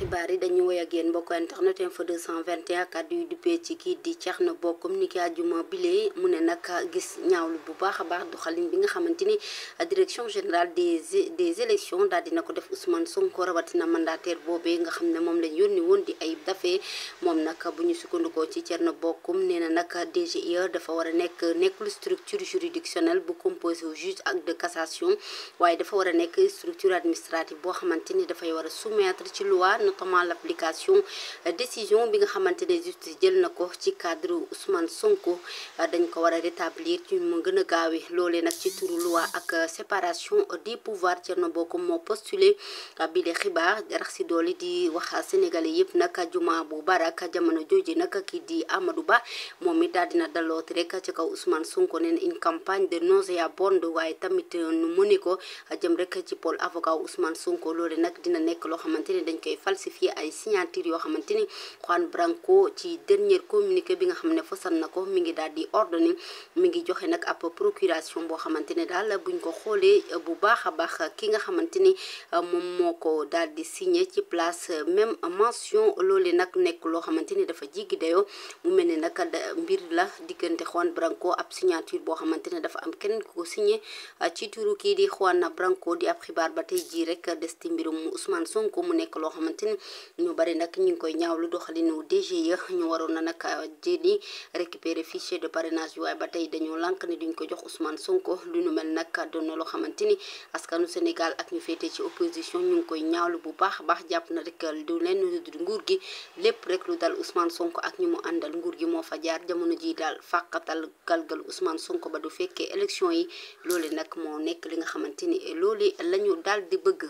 xibaar yi dañuy woy a yéen mbokk internet info 221 kàddu yu duppee ci kii di Thierno Bocoum ni ki àjjuma bile mu ne nag gis ñaawlu bu baax a baax doxalin bi nga xamante ni direction générale des des élections daal dina ko def Ousmane Sonko rawatina mandataire boobee nga xam ne moom lañ yónni woon di Ayib Daffé moom nag bu ñu sukkandikoo ci Thierno Bocoum nee na nag DGE dafa war a nekk nekkul structure juridictionnelle bu composé au juge ak de cassation waaye dafa war a nekk structure administrative boo xamante ni dafay war a soumettre ci loi notamment l' application euh, décision bi nga xamante ne justice jël na ko ci cadre Ousmane Sonko euh, dañ ko war a rétablir ci mu gën a gaawee loolee nag ci turu loi ak euh, séparation des pouvoirs Thierno Bocoum moo postulé bi de xibaa rax si doole di wax sénégalais yëpp nag juma bu barak jamono jooju nag kii di Amadou Ba moom it daal dina dalooti rek ci kaw Ousmane Sonko neen une campagne de nauséabonde waaye tamit nu mu ni ko jëm rek ci pôle avocat Ousmane Sonko loole nag dina nekk loo xamante ne falsifié ay signature yoo xamante ni bi nga ne fësal na ko mi ngi daal di ordonné mi ngi joxe nag ab procuration boo xamante ne daal buñ ko xoolee bu baax a baax ki nga xamante ni moom moo ko daal di signé ci place même mention loolee nag nekk loo xamante ni dafa jiggi dayoo mu mel ne nag mbir la diggante Juan Branco ab signature boo xamante ne dafa am keneen ku ko signé ah, ci turu kii di Juan Branco di ab xibaar ba tey jii rek des ci mbirum Ousmane Sonko mu nekk loo xamante ñu bari nag ñu ngi koy ñaaw lu ñaawlu doxalinu DGE ñu waroon na nag euh, jëli récupérer ficier de parrainage bi waaye ba tey dañoo lànk ne duñ ko jox Ousmane Sonko lu nu mel nag doon na loo xamante ni askanu Sénégal ak ñu féetee ci opposition ñu ngi koy ñaawlu bu baax baax jàpp na rek du leen nguur gi lépp rek lu dal Ousmane Sonko ak ñi mu àndal nguur gi moo fa jaar jamono ji daal fàqatal galgal Ousmane Sonko ba du fekkee élection yi loole nag moo nekk li nga xamante ni loole la ñu daal di bëgg